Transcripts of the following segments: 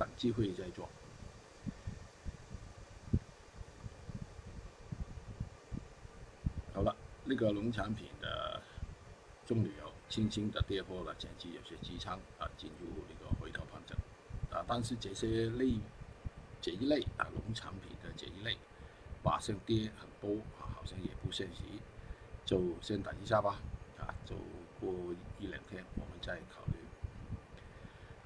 等機會再做。好了，那個農產品的棕櫚油，輕輕的跌破了，前期有些支撐啊，進入那個回調盤整。啊，但是這些類，這一類啊農產品的這一類，馬上跌很多啊，好像也不現實，就先等一下吧。啊，就過一兩天我們再考慮。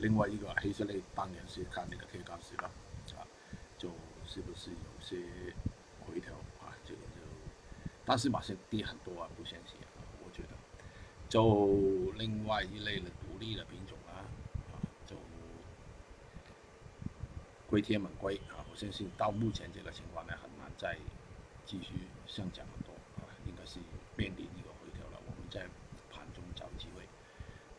另外一個黑色類當然是看那個鐵礦石吧，啊，就是不是有些回調啊？這個就，但是馬上跌很多啊，不相信啊，我覺得。就另外一類的獨立的品種啊，啊就，硅鐵錳硅啊，我相信到目前這個情況呢，很難再繼續上漲很多啊，應該是面臨一個回調了，我們再。